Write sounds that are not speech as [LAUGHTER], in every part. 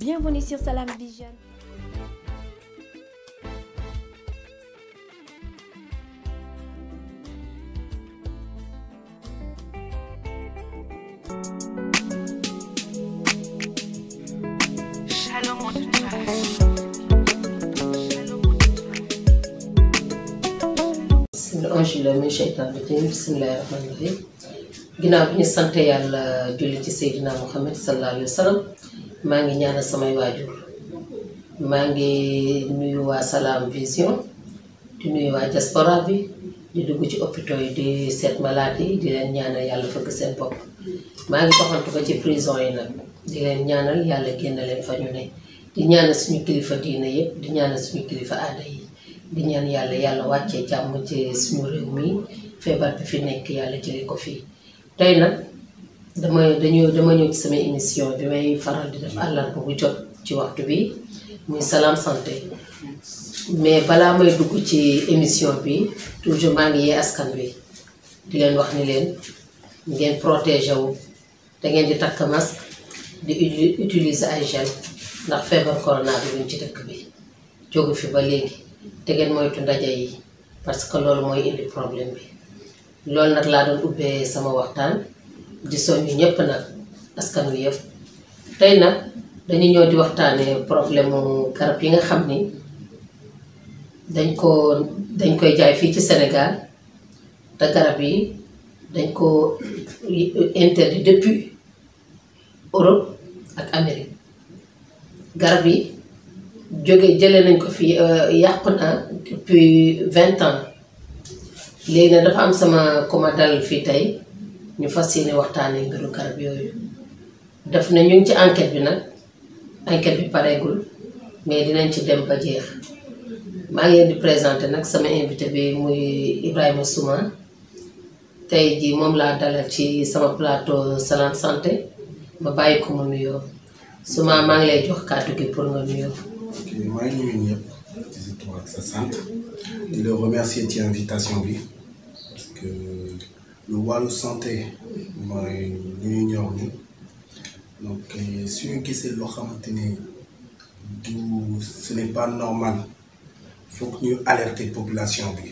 Bienvenue sur Salam Vision. bismillahi rahmaani rahiim ginnaaw bi ñu sant yàlla julli ci Seydina Muhammad sallallahu alayhi wa sallam maa ngi ñaanal samay waajur maa ngi nuyu waa Salam Vision di nuyu waa bi di dugg ci hôpital yi di seet malade yi di leen ñaanal yàlla fëgg seen bopp maa ngi doxantu ko ci prison yi nag di leen ñaanal yàlla génn leen fa ñu ne di ñaanal suñu kilifa diina yëpp di ñaanal suñu kilifa aada yi di ñaan yàlla yàlla wàccee jàmm ci suñu réew mi feebar bi fi nekk yàlla jëlee ko fii tey nag. dama dañoo dama ñëw ci sama émission bi may faral di def àllarba bu jot ci waxtu bi muy salaam santé mais balaa may dugg ci émission bi toujours maa yee askan wi di leen wax ni leen ngeen protéger wu da ngeen di takk masque di utiliser ay gel ndax feebar corona bi luñ ci dëkk bi jógu fi ba léegi te ngeen moytu ndaje yi parce que loolu mooy indi problème bi loolu nag laa doon ubbee sama waxtaan. di yi ñëpp nag askan wi yëpp tey nag dañu ñëw di waxtaanee problème mu garab yi nga xam ni dañ ko dañ koy jaay fii ci Sénégal te garab yi dañ ko interdit depuis Europe ak Amérique garab yi jóge jële nañ ko fii euh, yàqu na depuis vingt ans léegi nag dafa am sama kuma fii tey ñu fas yéene waxtaanee mbiru garab yooyu def na ñuñ ci enquête bi nag enquête bi pareegul mais dinañ ci dem ba jeex maa ngi leen di présenté nag sama invité bi muy Ibrahima suma tey jii moom laa dalal ci sama plateau Salam Santé ma bàyyi ko mu nuyoo Souma maa ngi lay jox kàddu gi pour nga nuyoo. ok maa ngi nuyu ñëpp di sa sant di la remercier ci invitation bi lu wàllu santé mooy lu ñu ñëw ni donc euh, suñu gisee loo xamante ni du ce n'est pas normal foog ñu alerter population bi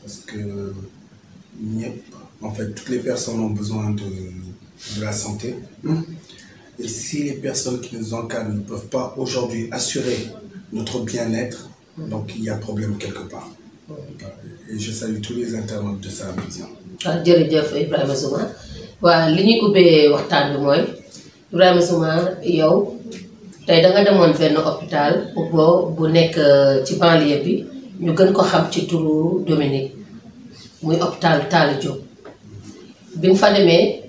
parce que ñëpp en fait toutes les personnes ont besoin de de la santé et si les personnes qui nous encadrent ne peuvent pas aujourd'hui assurer notre bien-être donc il y a problème quelque part et je salue tous les internautes de Salam Vision jërëjëf Ibrahima Souma waaw li ñu ubbee waxtaan bi mooy Ibrahima Souma yow tey da demoon benn hôpital bo bu nekk euh, ci banlieue bi ñu gën ko xam ci turu Dominique muy hôpital Talla Diop bi nga fa demee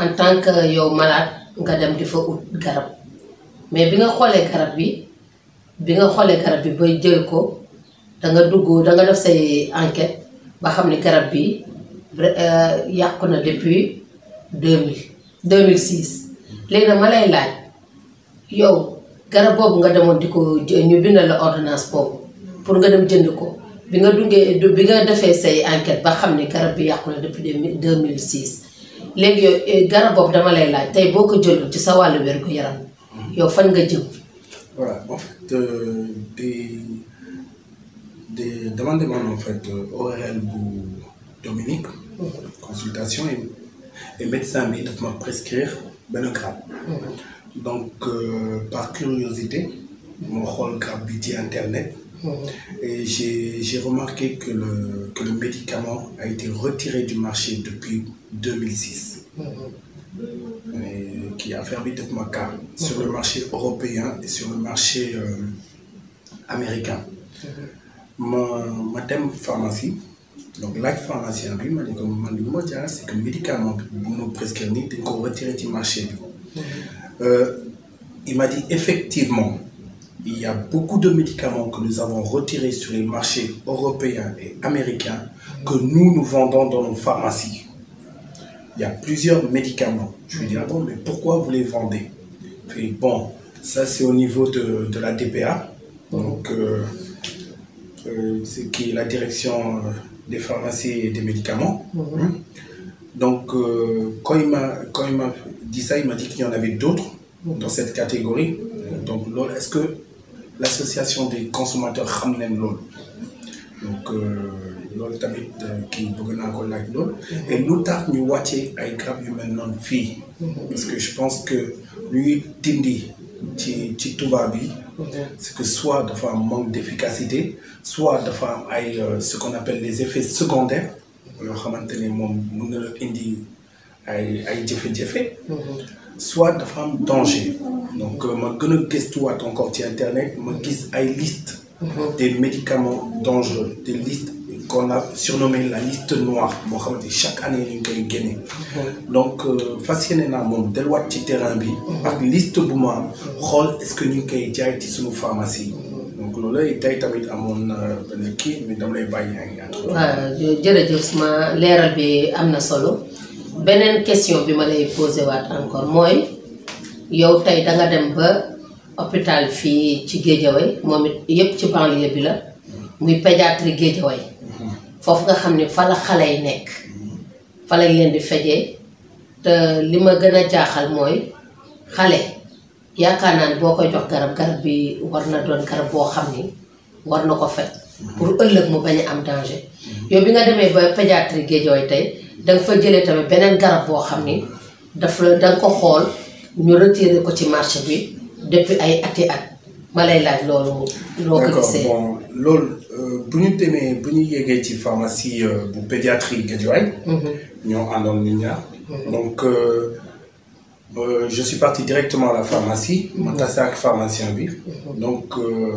en tant que yow malade nga dem di fa garab mais bi nga xoolee garab bi bi nga xoolee garab bi bay jël ko danga nga danga da nga def say enquête ba xam ni garab bi Euh, yàqu na depuis deux mille deux mille six léegi ma lay laaj yow garab boobu nga demoon di ko ñu bindal la ordonnance boobu pour nga dem jënd ko bi nga duggee bi nga defee say enquête ba xam ne garab bi yàqu na depuis deux mille six léegi yow eh, garab boobu dama lay laaj tey boo ko jëloon ci sa wàllu wér gu yaram yow fan nga jëm. voilà en fait euh, di di demande en fait euh, ORL bu Dominique. consultation yi et médecin bi daf ma prescrire benn donc euh, par curiosité moo xool garab bi ci internet et j'ai remarqué que le médicament a été retiré du marché depuis 2006 mais kii affaire bi daf sur le marché européen et sur le marché euh, américain ma mhm. ma pharmacie donc laaj pharmacien bi ma ne ko man lu ma jaar c'est que médicament bi bu ma prescrire nii dañ ko retiré marché bi mhm. euh, m'a dit effectivement il a beaucoup de médicaments que nous avons retirés sur les marchés européens et américains que nous nous vendons dans nos pharmacies il a plusieurs médicaments je lui dis ah de la DPA donc euh, euh c'est la direction euh, des pharmacies et des médicaments. Mmh. Donc, euh, quand il m'a dit m'a dit qu'il y en avait d'autres mhm. dans cette catégorie. Donc, est-ce que l'association des consommateurs ramène l'eau Donc, euh, loolu tamit euh, kii bëgg naa ko laaj loolu mhm. et lu tax ñu wàcce ay garab yu mel noonu fii mhm. parce que je pense que luy tindi ci ci tubaab bi c'est que soit dafa am manque d'efficacité soit dafa am euh, appelle les effets secondaires yoo xamante ne moom mën na la indi ay ay jafe-jafe mhm. soit dafa am danger donc euh, ma gën a gëstuwaat encore ci internet ma gis ay liste mhm. des médicaments dangereux des listes qu'on a surnommé la liste boo xamante chaque année ñu ngi koy mhm. euh, fas yéene naa moom delluwaat ci terrain bi. Mhm. ak liste bu ma am xool est-ce que ñu ngi koy jaay ci suñu pharmacie. tey tamit amoon euh, kii mais dama lay bàyyi ak yàlla. waaw leeral bi am na solo beneen question bi ma lay posé waat encore mooy yow tey da dem ba hôpital fii ci Guédiawaye moom it yëpp ci banlieue bi la. muy pédiatrie Guédiawaye foofu nga xam ne fa xale yi nekk fa lañ leen di fejee te li ma gën a jaaxal mooy xale yaakaar naa ne boo koy jox garab garab bi war na doon garab boo xam ni war na ko faj pour ëllëg mu bañ a am danger yow bi nga demee ba pédiatrie Guédiawaye tey danga fa jëlee tamit beneen garab boo xam ni daf la danga ko xool ñu retiré ko ci marché bi depuis ay ati at ma lay laaj loolu. loo euh, bu ñu demee bu ñu yéegee ci pharmacie euh, bu pédiatrie Guédiawaye. Mhm. ñoo àndoon ñu mhm. donc euh, je suis parti directement la pharmacie. ma mhm. tase ak pharmacien bi. donc euh,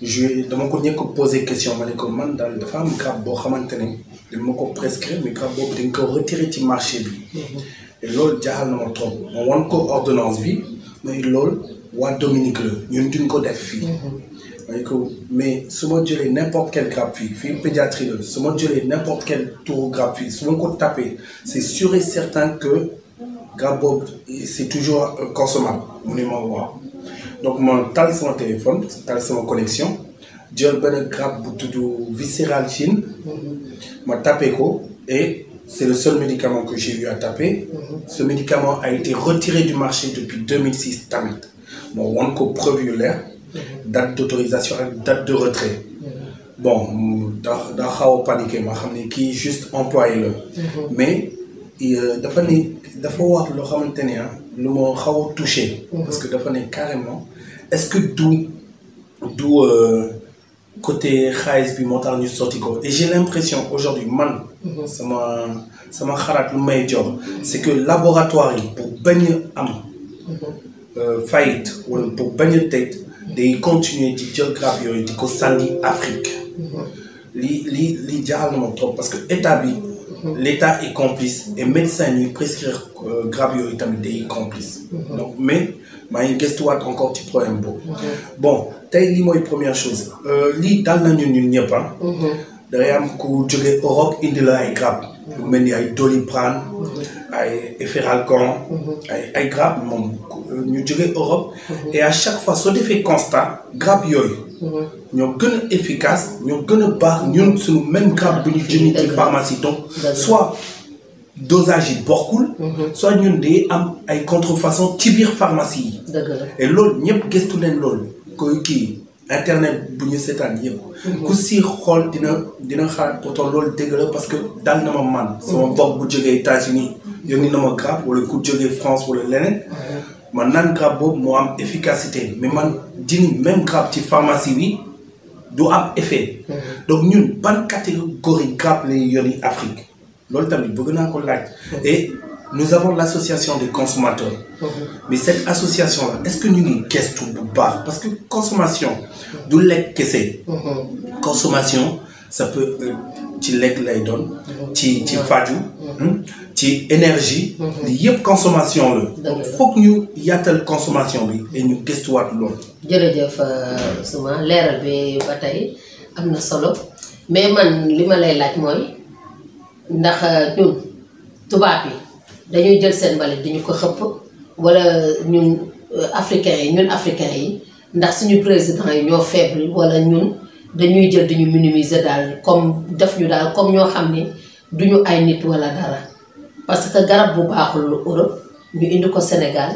je dama ko ñëkk a posé question ma ne ko man daal dafa am garab boo xamante ne dañ ma ko prescrire mais garab boobu dañ ci marché bi. lool loolu jaaxal trop ma wan ko ordonnance bi mais loolu. waa Dominique la ñun duñ ko def fii. dañ mhm. mais su ma jëlee n'importe quel grappe fii fii pédiatrie la jëlee n'importe quel turu grappe fii su ma ko tapé c'est sûr et certain que grappe boobu c'est toujours consommable mu ne ma waaw donc man tal sama téléphone tal sama connexion jël benn grappe bu tudd Viscéralgine mhm. ma tapé ko et c'est le seul médicament que j'ai eu à taper. Mhm. ce médicament a été retiré du marché depuis tamit. moo won ko preuve yu leer date d'autorisation ak date de retrait bon daa daa xaw a ma xam ne kii juste employé la mais euh, dafa ne dafa wax loo xamante ne ah, lu ma xaw a touché parce que dafa ne carrément est-ce que du du euh, côté xaalis bi moo tax ñu sotti ko et j'ai l'impression aujourd'hui man sama sama xalaat lu may jox c'est que laboratoire yi pour bañ am Euh, faillite wala pour bañ a teg continuer di jël grappe yooyu di ko sànni Afrique li lii lii ma trop parce que état bi l'état est complice et médecin yi prescrire euh, grappe yooyu tamit day complice donc mais maa ngi gëstuwaat encore ci problème bon tey lii mooy première chose euh, lii dal nañu ñun ñëpp ah. mm-hmm. day am ku jóge Europe indi ay grappe lu ay Doliprane mm-hmm. ay mm-hmm. ay ay grappe ñu jóge Europe. et à chaque fois soo defee constat grab yooyu. ñoo gën a efficace ñoo gën a baax ñun suñu même garab bu ñu jënd ci pharmacie donc soo dosage yi bokkul. Mhm. soit ñun day am ay contrefaçon ci biir pharmacie yi. et loolu ñëpp gëstu leen loolu koy kii. internet bu ñu seetaan yëpp. Mhm. ku si xool dina dina xalaat pourtant loolu dëgg la parce que dal na ma man. sama mhm. bopp bu jógee États-Unis yónni na ma grave wala ku jógee France wala leneen. man naan garab boobu moo am efficacité mais man dini même garab ci pharmacie bi du am effet. Mhm. donc ñun ban catégorie garab lay yori Afrique loolu tamit bëgg naa ko laaj. Mhm. et nous avons de association des consommateurs. Mhm. mais cette association là est ce que ñu ngi gestu bu baax parce que consommation du lekk kese. consommation ça peut. Euh, ci lekk lay doon mhm. ci ci faju mhm. hmm, ci énergie mhm. li yëpp consommation la foog ñu yatal consommation bi et ñu gëstuwaat loolu jërëjëf euh, suma leeral bi ba tey am na solo mais man li ma lay laaj mooy ndax euh, ñun tubaab yi dañuy jël seen mbalit di ko xëpp wala ñun euh, africains yi ñun africains yi ndax suñu président yi ñoo faible wala ñun dañuy jël duñu minimiser daal comme def ñu daal comme ñoo xam ni duñu ay nit wala dara parce que garab bu baaxul lu Europe ñu indi ko Sénégal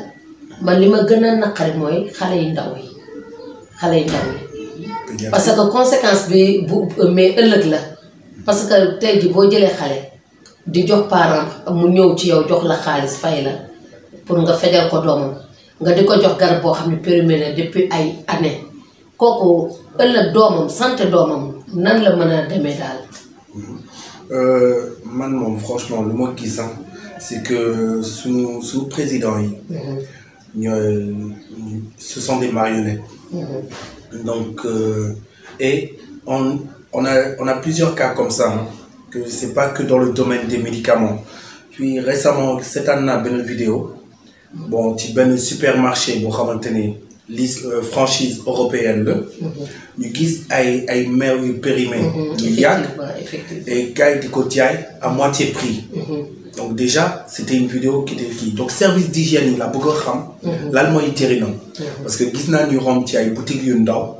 man li ma gën a naqari mooy xale yu ndaw yi xale ndaw yi parce que conséquence bi bu mais ëllëg la parce que tey ji boo jëlee xale di jox parent mu ñëw ci yow jox la xaalis fay la pour nga fejal ko doomam nga di ko jox garab boo xam ne périmé na depuis ay années kooku ëllëg doomam sant doomam nan la mën a demee euh, man moom franchement lu ma gis sax c'est que suñu suñu président yi. Mhm. ñooy ce sont des marionnettes. Mhm. donc euh, et on on a on a plusieurs cas comme ça hein, que c'est pas que dans le domaine des médicaments puis récemment seetaan naa benn vidéo bon ci benn supermarché boo xamante ni. liste euh, franchise européenne la. Mhm. ñu gis ay ay meew yu périmé. yu mhm. yàgg et di ko jaay à moitié prix. Mhm. donc déjà c'était une vidéo qui était kii donc service d'hygiène la bëgg a xam. lan parce que gis naa ñu romb ci ay boutiques yu ndaw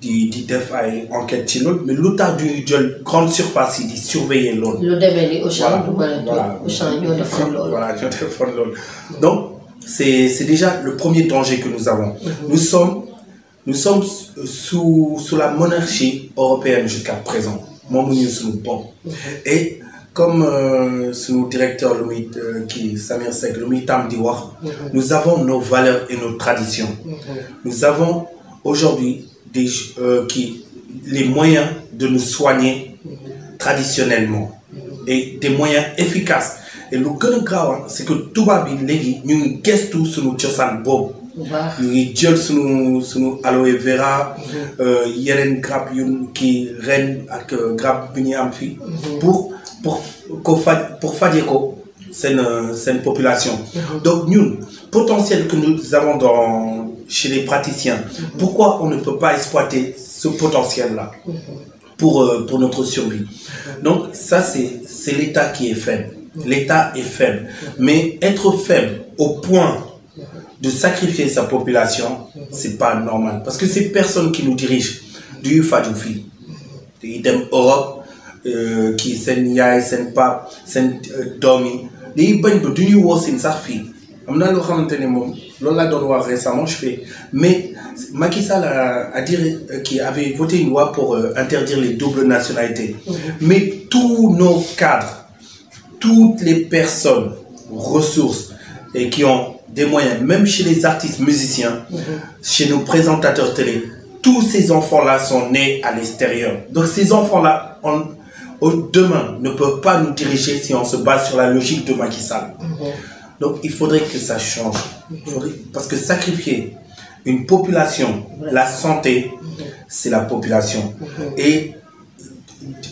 di di def ay enquêtes ci loolu mais lu tax du grande surface yi di surveiller loolu. lu demee ni [LAUGHS] donc. C'est déjà le premier danger que nous avons. Mhm. Nous sommes, nous sommes euh, sous, sous la monarchie européenne jusqu'à présent. Mhm. Et comme euh, sous directeur Louis, euh, qui, Samir Sek, Louis Tam Diwar, nous avons nos valeurs et nos traditions. Mhm. Nous avons aujourd'hui euh, les moyens de nous soigner traditionnellement et des moyens efficaces te lu gën a gaaw c'est que tubaab yi léegi ñu ngi gestu suñu cosaan boobu. ñu ngi jël sunu suñu aloe vera. Mhm. Euh, yeneen garab yu kii ren ak euh, garab bi ñuy am fii. Mhm. pour pour ko faj pour euh, seen population. Mhm. donc ñun potentiel que nous avons dans chez les praticiens. pourquoi on ne peut pas exploiter ce potentiel là. pour pour notre survie. donc ça c'est c'est l'État qui est faible. L'État est faible. Mais être faible au point de sacrifier sa population, c'est pas normal. Parce que ces personnes qui nous dirigent, du Fadoufi, de Idem Europe, euh, kii seen yaay seen pap seen euh, doom yi dañuy bañ ba du ñuy woo seen sax fii am na loo xamante ne moom loolu laa doon wax récemment je fais mais Macky Sall a dire euh, qui avait voté une loi pour interdire les doubles nationalités mm-hmm. mais tous nos cadres toutes les personnes, ressources, et qui ont des moyens, même chez les artistes musiciens, mmh. chez nos présentateurs télé, tous ces enfants-là sont nés à l'extérieur. Donc ces enfants-là, ne peuvent pas nous diriger si on se base sur la logique de Macky mhm. il faudrait que ça change. Mhm. parce que sacrifier une population, la santé, mhm. c'est la population. Et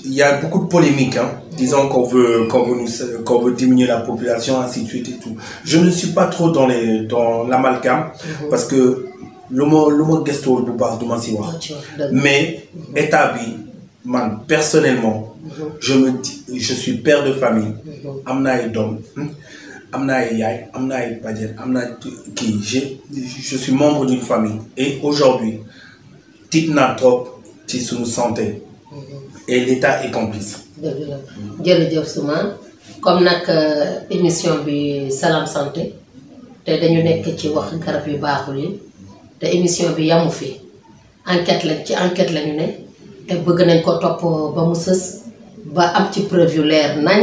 il y a beaucoup de polémiques. disons qu'on veut, qu'on veut, nous, qu'on diminuer la population, ainsi et tout. Je ne suis pas trop dans, les, mhm. parce que lu ma lu ma gëstuwul bu baax du ma si wax. mais état bi man personnellement. Mhm. je me dis suis père de famille. Mhm. am na ay doom hmm? am na ay yaay am na ay bàjjen am na kii j'ai je suis membre d'une famille. et aujourd'hui tiit naa trop ci suñu santé. et l'état est complice. dëgg la jërëjëf suma comme nag euh, émission bi Salam Santé te dañu nekk ci wax garab yu baaxul yi te émission bi yamu fi enquête lañ ci enquête lañu ne te bëgg nañ ko topp ba mu sës ba am ci preuve leer nañ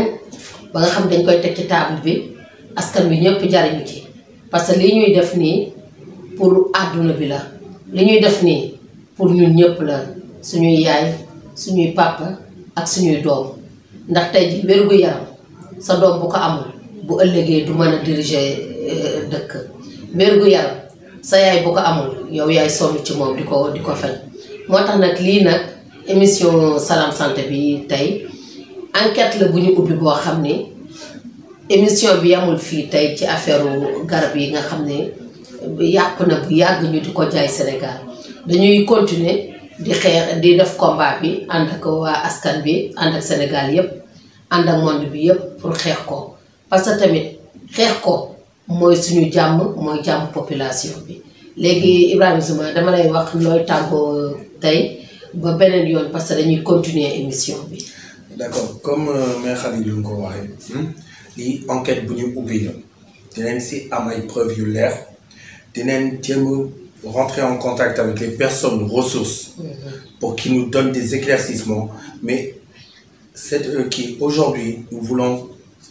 ba nga xam dañ koy teg ci table bi askan bi ñëpp jariñ ci parce que li ñuy def nii pour àdduna bi la li ñuy def nii pour ñun ñëpp la suñuy yaay suñuy papa ak suñuy doom ndax tey ji wérgu yaram sa doom bu ko amul bu ëllëgee du mën a diriger euh, dëkk wérgu yaram sa yaay bu ko amul yow yaay sonn ci moom di ko di ko fen moo tax nag lii nag émission Salam Santé bi tey enquête la bu ñu ubbi boo xam ni émission bi yamul fii tey ci affaire garab yi nga xam ne yàqu na bu yàgg ñu di ko jaay Sénégal dañuy continuer di xeex di def combat bi ànd ak waa askan bi ànd ak Sénégal yëpp ànd ak monde bi yëpp pour xeex ko parce que tamit xeex ko mooy suñu jàmm mooy jàmm population bi léegi Ibrahima Souma dama lay wax looy tàggoo tey ba beneen yoon parce que dañuy continuer émission bi. d'accord comme mes xarit yu ko waxee hmm, lii enquête bu ñu ubbi la dinañ si am ay preuve yu leer dinañ jéem rentrer en contact avec les personnes ressources mm-hmm. pour qu'ils nous donnent des éclaircissements. Mais c'est eux qui, aujourd'hui, nous voulons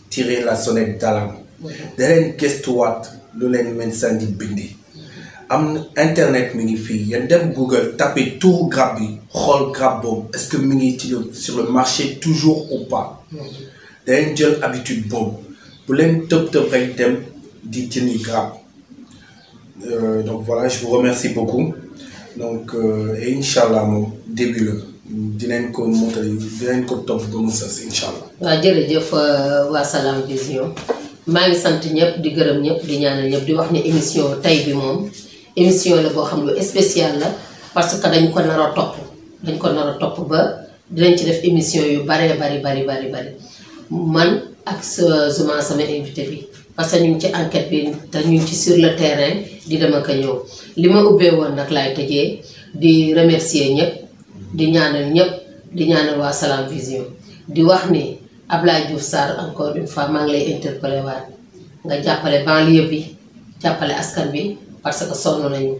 tirer la sonnette d'alarme. da leen gëstuwaat lu leen mën sandi bindi mm-hmm. am na internet mi ngi fii yéen dem Google tapé tour grappe bi grappe boobu est-ce que mi ngi ci sur le marché toujours ou pas mm-hmm. da jël habitude boobu bu leen tëb di jëndi Euh, donc voilà je vous beaucoup donc euh, et allah moom début la dinañ ko mottali dinañ ko topp ba mu sës incha allah. waaw jërëjëf euh, waa Salam Vision maa ngi sant ñëpp di gërëm ñëpp di ñaanal ñëpp di wax ni émission tay bi moom émission la boo xam ne spéciale la parce que dañ ko nar a topp dañ ko nar topp ba dinañ ci def émission yu baree bari bari bari bari man ak sa sama invité bi. parce que ñu ci enquête bi te ñu ngi ci sur le terrain di dem ak a ñëw li ma ubbee woon nag laay tëjee di remercier ñëpp di ñaanal ñëpp di ñaanal waa Salam Vision di wax ni Ablaye Diouf Sarr encore une fois maa lay interpellé waat nga jàppale banlieue bi jàppale askan bi parce que sonn nañu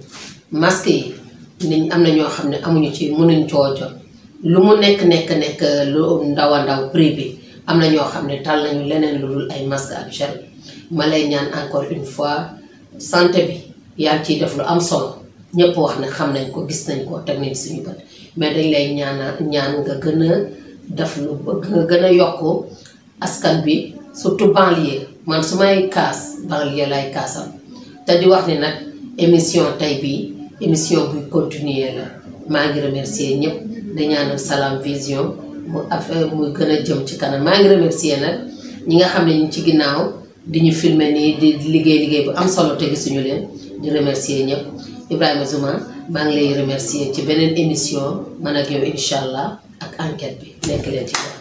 masque yi niñ am na ñoo xam ne amuñu ci mënuñ coo lu mu nekk nekk nekk lu ndaw ndaw prix bi am na ñoo xam ne tal nañu leneen lu dul ay masque ak gel ma lay ñaan encore une fois santé bi yaa ngi ciy def lu am solo ñëpp wax ne xam nañ ko gis nañ ko teg nañ suñu bët mais dañ lay ñaana ñaan nga gën a def lu nga gën a yokk askan bi surtout banlieue man su may kaas banlieue lay kaasam te di wax ni nag émission tey bii émission buy continuer la maa ngi remercier ñëpp di ñaanal salaam Vision mu affaire muy gën a jëm ci kanam maa ngi remercier nag ñi nga xam ne ñu ci ginnaaw di ñu filmé nii di liggéey liggéey bu am solo te gisuñu leen di remercier ñëpp Ibrahima Zuma maa ngi lay remercier ci beneen émission man ak yow incha allah ak enquête bi nekk leen ci